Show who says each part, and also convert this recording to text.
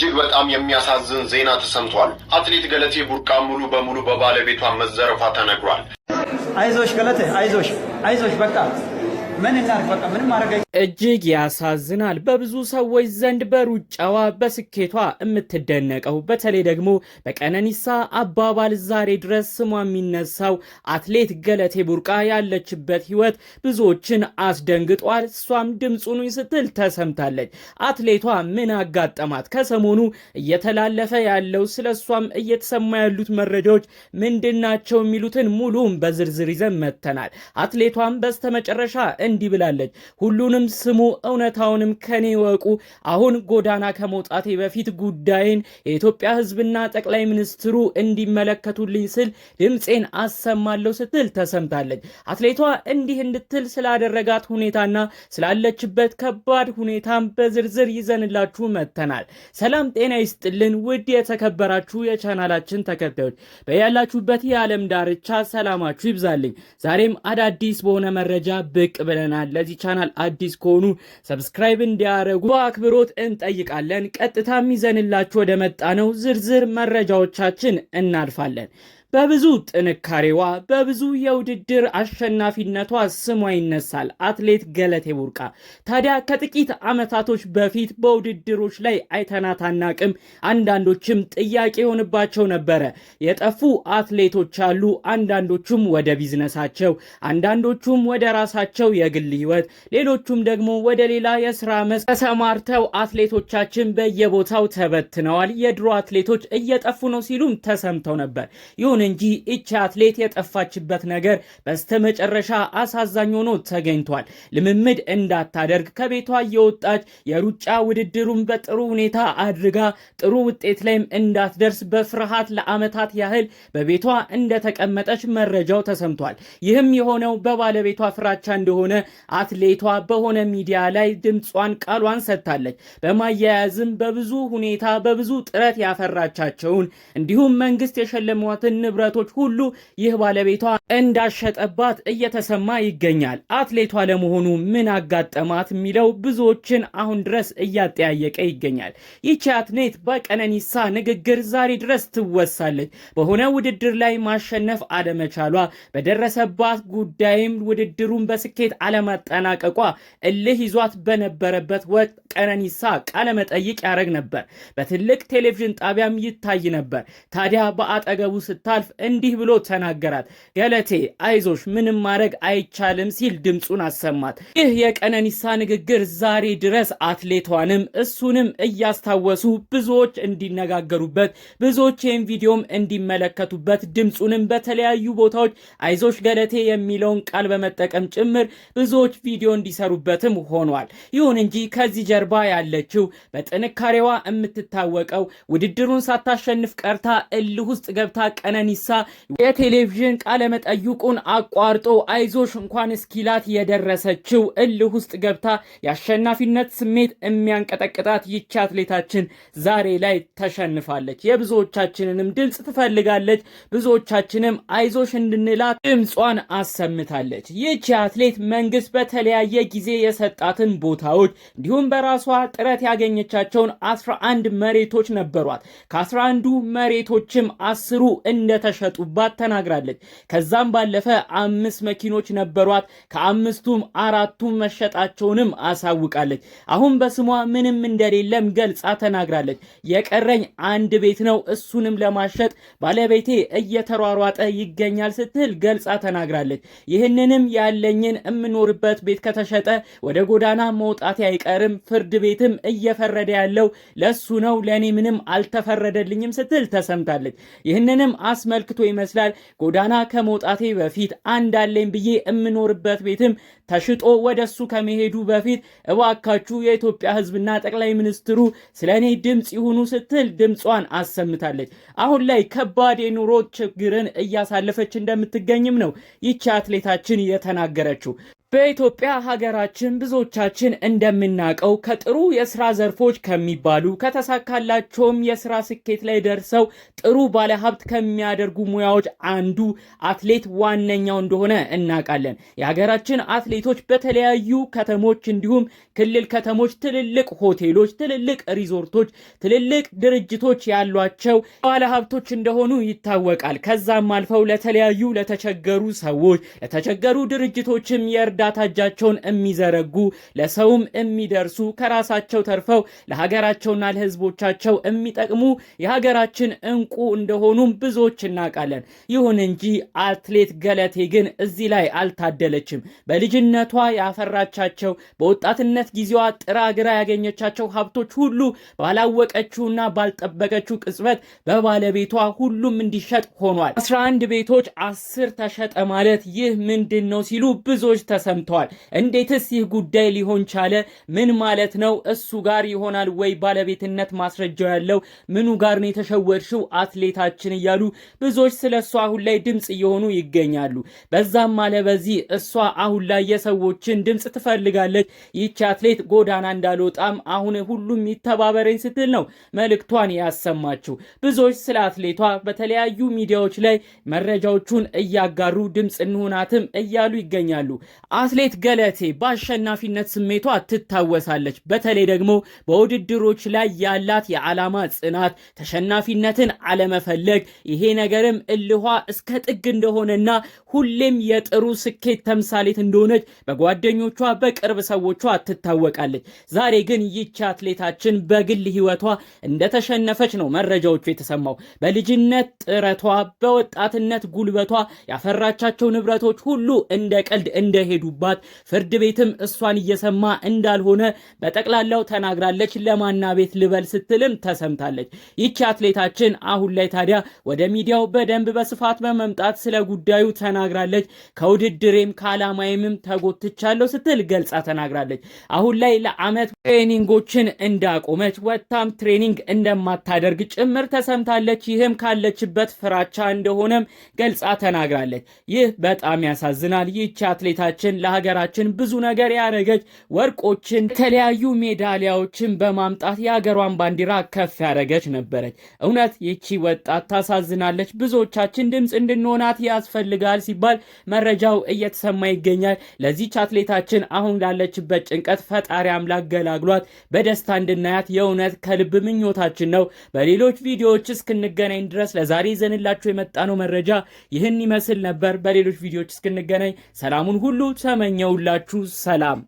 Speaker 1: እጅግ በጣም የሚያሳዝን ዜና ተሰምቷል። አትሌት ገለቴ ቡርቃ ሙሉ በሙሉ በባለቤቷ መዘረፏ ተነግሯል።
Speaker 2: አይዞሽ ገለቴ አይዞሽ አይዞሽ በቃ ምን በቃ ምንም
Speaker 3: እጅግ ያሳዝናል። በብዙ ሰዎች ዘንድ በሩጫዋ በስኬቷ የምትደነቀው በተለይ ደግሞ በቀነኒሳ አባባል ዛሬ ድረስ ስሟ የሚነሳው አትሌት ገለቴ ቡርቃ ያለችበት ህይወት ብዙዎችን አስደንግጧል። እሷም ድምፁን ስትል ተሰምታለች። አትሌቷ ምን አጋጠማት? ከሰሞኑ እየተላለፈ ያለው ስለ እሷም እየተሰማ ያሉት መረጃዎች ምንድናቸው? የሚሉትን ሙሉም በዝርዝር ይዘን መጥተናል። አትሌቷም በስተመጨረሻ እንዲህ ብላለች፣ ሁሉንም ስሙ፣ እውነታውንም ከኔ ወቁ። አሁን ጎዳና ከመውጣቴ በፊት ጉዳይን የኢትዮጵያ ሕዝብና ጠቅላይ ሚኒስትሩ እንዲመለከቱልኝ ስል ድምፄን አሰማለሁ ስትል ተሰምታለች። አትሌቷ እንዲህ እንድትል ስላደረጋት ሁኔታና ስላለችበት ከባድ ሁኔታም በዝርዝር ይዘንላችሁ መጥተናል። ሰላም ጤና ይስጥልን ውድ የተከበራችሁ የቻናላችን ተከታዮች በያላችሁበት የዓለም ዳርቻ ሰላማችሁ ይብዛልኝ። ዛሬም አዳዲስ በሆነ መረጃ ብቅ ብለ ተቀላቅለናል። ለዚህ ቻናል አዲስ ከሆኑ ሰብስክራይብ እንዲያደረጉ በአክብሮት እንጠይቃለን። ቀጥታ የሚዘንላችሁ ወደ መጣ ነው ዝርዝር መረጃዎቻችን እናልፋለን። በብዙ ጥንካሬዋ በብዙ የውድድር አሸናፊነቷ ስሟ ይነሳል። አትሌት ገለቴ ቡርቃ ታዲያ ከጥቂት ዓመታቶች በፊት በውድድሮች ላይ አይተናት አናቅም። አንዳንዶችም ጥያቄ የሆንባቸው ነበረ። የጠፉ አትሌቶች አሉ። አንዳንዶቹም ወደ ቢዝነሳቸው፣ አንዳንዶቹም ወደ ራሳቸው የግል ህይወት ሌሎቹም ደግሞ ወደ ሌላ የስራ መስክ ተሰማርተው አትሌቶቻችን በየቦታው ተበትነዋል፣ የድሮ አትሌቶች እየጠፉ ነው ሲሉም ተሰምተው ነበር። ይሁን ይሁን እንጂ እቺ አትሌት የጠፋችበት ነገር በስተመጨረሻ አሳዛኝ ሆኖ ተገኝቷል። ልምምድ እንዳታደርግ ከቤቷ የወጣች የሩጫ ውድድሩን በጥሩ ሁኔታ አድርጋ ጥሩ ውጤት ላይም እንዳትደርስ በፍርሃት ለዓመታት ያህል በቤቷ እንደተቀመጠች መረጃው ተሰምቷል። ይህም የሆነው በባለቤቷ ፍራቻ እንደሆነ አትሌቷ በሆነ ሚዲያ ላይ ድምጿን ቃሏን ሰጥታለች። በማያያዝም በብዙ ሁኔታ በብዙ ጥረት ያፈራቻቸውን እንዲሁም መንግስት የሸለሟትን ንብረቶች ሁሉ ይህ ባለቤቷ እንዳሸጠባት እየተሰማ ይገኛል። አትሌቷ ለመሆኑ ምን አጋጠማት የሚለው ብዙዎችን አሁን ድረስ እያጠያየቀ ይገኛል። ይቺ አትሌት በቀነኒሳ ንግግር ዛሬ ድረስ ትወሳለች። በሆነ ውድድር ላይ ማሸነፍ አለመቻሏ፣ በደረሰባት ጉዳይም ውድድሩን በስኬት አለማጠናቀቋ እልህ ይዟት በነበረበት ወቅት ቀነኒሳ ቃለመጠይቅ ያደረግ ነበር። በትልቅ ቴሌቪዥን ጣቢያም ይታይ ነበር። ታዲያ በአጠገቡ ስታል ሲያልፍ እንዲህ ብሎ ተናገራት። ገለቴ አይዞሽ፣ ምንም ማድረግ አይቻልም ሲል ድምፁን አሰማት። ይህ የቀነኒሳ ንግግር ዛሬ ድረስ አትሌቷንም እሱንም እያስታወሱ ብዙዎች እንዲነጋገሩበት ብዙዎች ይህን ቪዲዮም እንዲመለከቱበት ድምፁንም በተለያዩ ቦታዎች አይዞሽ ገለቴ የሚለውን ቃል በመጠቀም ጭምር ብዙዎች ቪዲዮ እንዲሰሩበትም ሆኗል። ይሁን እንጂ ከዚህ ጀርባ ያለችው በጥንካሬዋ የምትታወቀው ውድድሩን ሳታሸንፍ ቀርታ እልህ ውስጥ ገብታ ቀነኒ ቀነኒሳ የቴሌቪዥን ቃለመጠይቁን አቋርጦ አይዞሽ እንኳን እስኪላት የደረሰችው እልህ ውስጥ ገብታ የአሸናፊነት ስሜት የሚያንቀጠቅጣት ይቺ አትሌታችን ዛሬ ላይ ተሸንፋለች። የብዙዎቻችንንም ድምፅ ትፈልጋለች። ብዙዎቻችንም አይዞሽ እንድንላት ድምጿን አሰምታለች። ይቺ አትሌት መንግስት በተለያየ ጊዜ የሰጣትን ቦታዎች እንዲሁም በራሷ ጥረት ያገኘቻቸውን አስራ አንድ መሬቶች ነበሯት። ከአስራ አንዱ መሬቶችም አስሩ እን እንደተሸጡባት ተናግራለች። ከዛም ባለፈ አምስት መኪኖች ነበሯት። ከአምስቱም አራቱም መሸጣቸውንም አሳውቃለች። አሁን በስሟ ምንም እንደሌለም ገልጻ ተናግራለች። የቀረኝ አንድ ቤት ነው፣ እሱንም ለማሸጥ ባለቤቴ እየተሯሯጠ ይገኛል ስትል ገልጻ ተናግራለች። ይህንንም ያለኝን የምኖርበት ቤት ከተሸጠ ወደ ጎዳና መውጣቴ አይቀርም፣ ፍርድ ቤትም እየፈረደ ያለው ለሱ ነው፣ ለእኔ ምንም አልተፈረደልኝም ስትል ተሰምታለች። ይህንንም አስመልክቶ ይመስላል ጎዳና ከመውጣቴ በፊት አንዳለኝ ብዬ የምኖርበት ቤትም ተሽጦ ወደሱ ከመሄዱ በፊት እባካችሁ የኢትዮጵያ ሕዝብና ጠቅላይ ሚኒስትሩ ስለ እኔ ድምፅ ይሁኑ ስትል ድምጿን አሰምታለች። አሁን ላይ ከባድ የኑሮ ችግርን እያሳለፈች እንደምትገኝም ነው ይቺ አትሌታችን የተናገረችው። በኢትዮጵያ ሀገራችን ብዙዎቻችን እንደምናውቀው ከጥሩ የስራ ዘርፎች ከሚባሉ ከተሳካላቸውም የስራ ስኬት ላይ ደርሰው ጥሩ ባለሀብት ከሚያደርጉ ሙያዎች አንዱ አትሌት ዋነኛው እንደሆነ እናውቃለን። የሀገራችን አትሌቶች በተለያዩ ከተሞች እንዲሁም ክልል ከተሞች ትልልቅ ሆቴሎች፣ ትልልቅ ሪዞርቶች፣ ትልልቅ ድርጅቶች ያሏቸው ባለሀብቶች እንደሆኑ ይታወቃል። ከዛም አልፈው ለተለያዩ ለተቸገሩ ሰዎች ለተቸገሩ ድርጅቶችም የእርዳ ለመርዳት እጃቸውን የሚዘረጉ ለሰውም የሚደርሱ ከራሳቸው ተርፈው ለሀገራቸውና ለሕዝቦቻቸው የሚጠቅሙ የሀገራችን እንቁ እንደሆኑም ብዙዎች እናውቃለን። ይሁን እንጂ አትሌት ገለቴ ግን እዚህ ላይ አልታደለችም። በልጅነቷ ያፈራቻቸው በወጣትነት ጊዜዋ ጥራ ግራ ያገኘቻቸው ሀብቶች ሁሉ ባላወቀችውና ባልጠበቀችው ቅጽበት በባለቤቷ ሁሉም እንዲሸጥ ሆኗል። 11 ቤቶች አስር ተሸጠ ማለት ይህ ምንድን ነው ሲሉ ብዙዎች ተሰ ተሰምተዋል። እንዴትስ ይህ ጉዳይ ሊሆን ቻለ? ምን ማለት ነው? እሱ ጋር ይሆናል ወይ ባለቤትነት ማስረጃው ያለው? ምኑ ጋር ነው የተሸወድሽው አትሌታችን? እያሉ ብዙዎች ስለ እሷ አሁን ላይ ድምፅ እየሆኑ ይገኛሉ። በዛም አለ በዚህ እሷ አሁን ላይ የሰዎችን ድምፅ ትፈልጋለች። ይቺ አትሌት ጎዳና እንዳልወጣም አሁን ሁሉም ይተባበረኝ ስትል ነው መልእክቷን ያሰማችው። ብዙዎች ስለ አትሌቷ በተለያዩ ሚዲያዎች ላይ መረጃዎቹን እያጋሩ ድምፅ እንሆናትም እያሉ ይገኛሉ። አትሌት ገለቴ በአሸናፊነት ስሜቷ ትታወሳለች። በተለይ ደግሞ በውድድሮች ላይ ያላት የዓላማ ጽናት፣ ተሸናፊነትን አለመፈለግ፣ ይሄ ነገርም እልኋ እስከ ጥግ እንደሆነና ሁሌም የጥሩ ስኬት ተምሳሌት እንደሆነች በጓደኞቿ በቅርብ ሰዎቿ ትታወቃለች። ዛሬ ግን ይቺ አትሌታችን በግል ሕይወቷ እንደተሸነፈች ነው መረጃዎቹ የተሰማው። በልጅነት ጥረቷ፣ በወጣትነት ጉልበቷ ያፈራቻቸው ንብረቶች ሁሉ እንደ ቀልድ እንደሄዱ እንዳሉባት ፍርድ ቤትም እሷን እየሰማ እንዳልሆነ በጠቅላላው ተናግራለች። ለማና ቤት ልበል ስትልም ተሰምታለች። ይቺ አትሌታችን አሁን ላይ ታዲያ ወደ ሚዲያው በደንብ በስፋት በመምጣት ስለ ጉዳዩ ተናግራለች። ከውድድሬም ከዓላማዬምም ተጎትቻለሁ ስትል ገልጻ ተናግራለች። አሁን ላይ ለአመት ትሬኒንጎችን እንዳቆመች ወታም ትሬኒንግ እንደማታደርግ ጭምር ተሰምታለች። ይህም ካለችበት ፍራቻ እንደሆነም ገልጻ ተናግራለች። ይህ በጣም ያሳዝናል። ይቺ አትሌታችን ለሀገራችን ብዙ ነገር ያደረገች ወርቆችን፣ የተለያዩ ሜዳሊያዎችን በማምጣት የሀገሯን ባንዲራ ከፍ ያደረገች ነበረች። እውነት ይቺ ወጣት ታሳዝናለች። ብዙዎቻችን ድምፅ እንድንሆናት ያስፈልጋል ሲባል መረጃው እየተሰማ ይገኛል። ለዚች አትሌታችን አሁን ላለችበት ጭንቀት ፈጣሪ አምላክ ገላግሏት በደስታ እንድናያት የእውነት ከልብ ምኞታችን ነው። በሌሎች ቪዲዮዎች እስክንገናኝ ድረስ ለዛሬ ይዘንላችሁ የመጣነው መረጃ ይህን ይመስል ነበር። በሌሎች ቪዲዮዎች እስክንገናኝ ሰላሙን ሁሉ ተመኘውላችሁ ሰላም